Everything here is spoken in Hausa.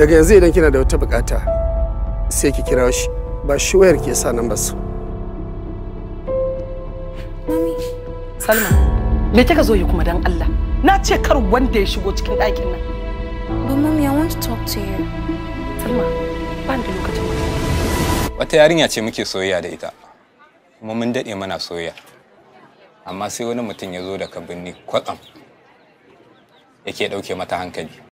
daga yanzu idan kina da wata bukata sai ki kira shi ba shi wayar ke sa nan basu mami salma me kika zo yi kuma dan Allah na ce kar wanda ya shigo cikin ɗakin nan but mommy i want to talk to you salma ba ni da lokacin wata yarinya ce muke soyayya da ita kuma mun daɗe mana soyayya amma sai wani mutum ya zo daga birni kwatsam yake ɗauke mata hankali